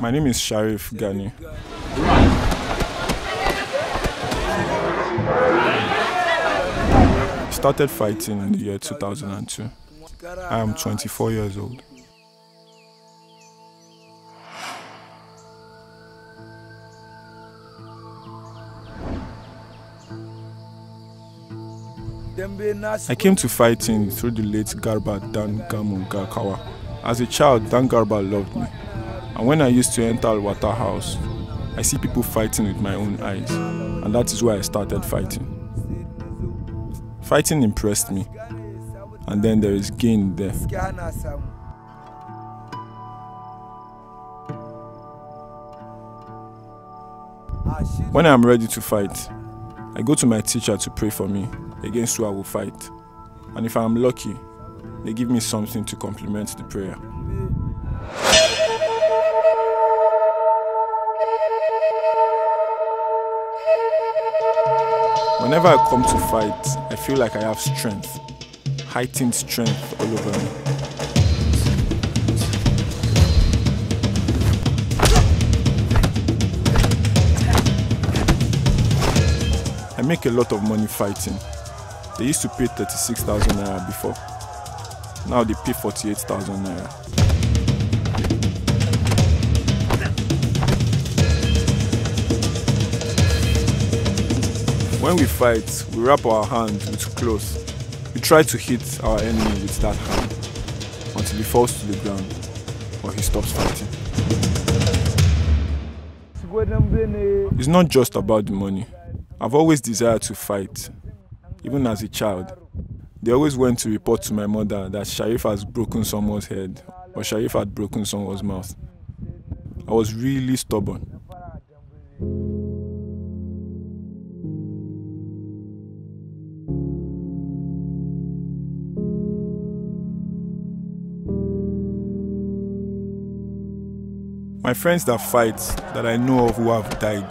My name is Sharif Ghani. Started fighting in the year 2002. I am 24 years old. I came to fighting through the late Garba Dan Gamu Gakawa. As a child, Dan Garba loved me. And when I used to enter Alwata house, I see people fighting with my own eyes, and that is why I started fighting. Fighting impressed me, and then there is gain there. When I am ready to fight, I go to my teacher to pray for me against who I will fight. And if I am lucky, they give me something to complement the prayer. Whenever I come to fight, I feel like I have strength, heightened strength all over me. I make a lot of money fighting. They used to pay 36,000 naira before. Now they pay 48,000 naira. When we fight, we wrap our hands with cloth. We try to hit our enemy with that hand until he falls to the ground or he stops fighting. It's not just about the money. I've always desired to fight, even as a child. They always went to report to my mother that Sharif has broken someone's head or Sharif had broken someone's mouth. I was really stubborn. My friends that fight, that I know of who have died,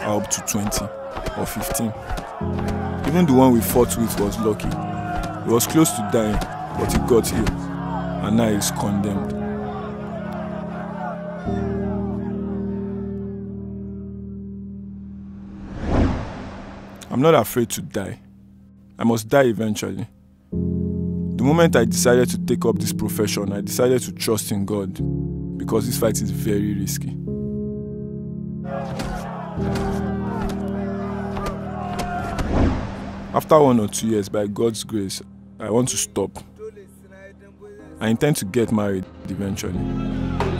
are up to 20 or 15. Even the one we fought with was lucky. He was close to dying, but he got healed, and now he's condemned. I'm not afraid to die. I must die eventually. The moment I decided to take up this profession, I decided to trust in God. because this fight is very risky. After one or two years, by God's grace, I want to stop. I intend to get married eventually.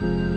Thank you.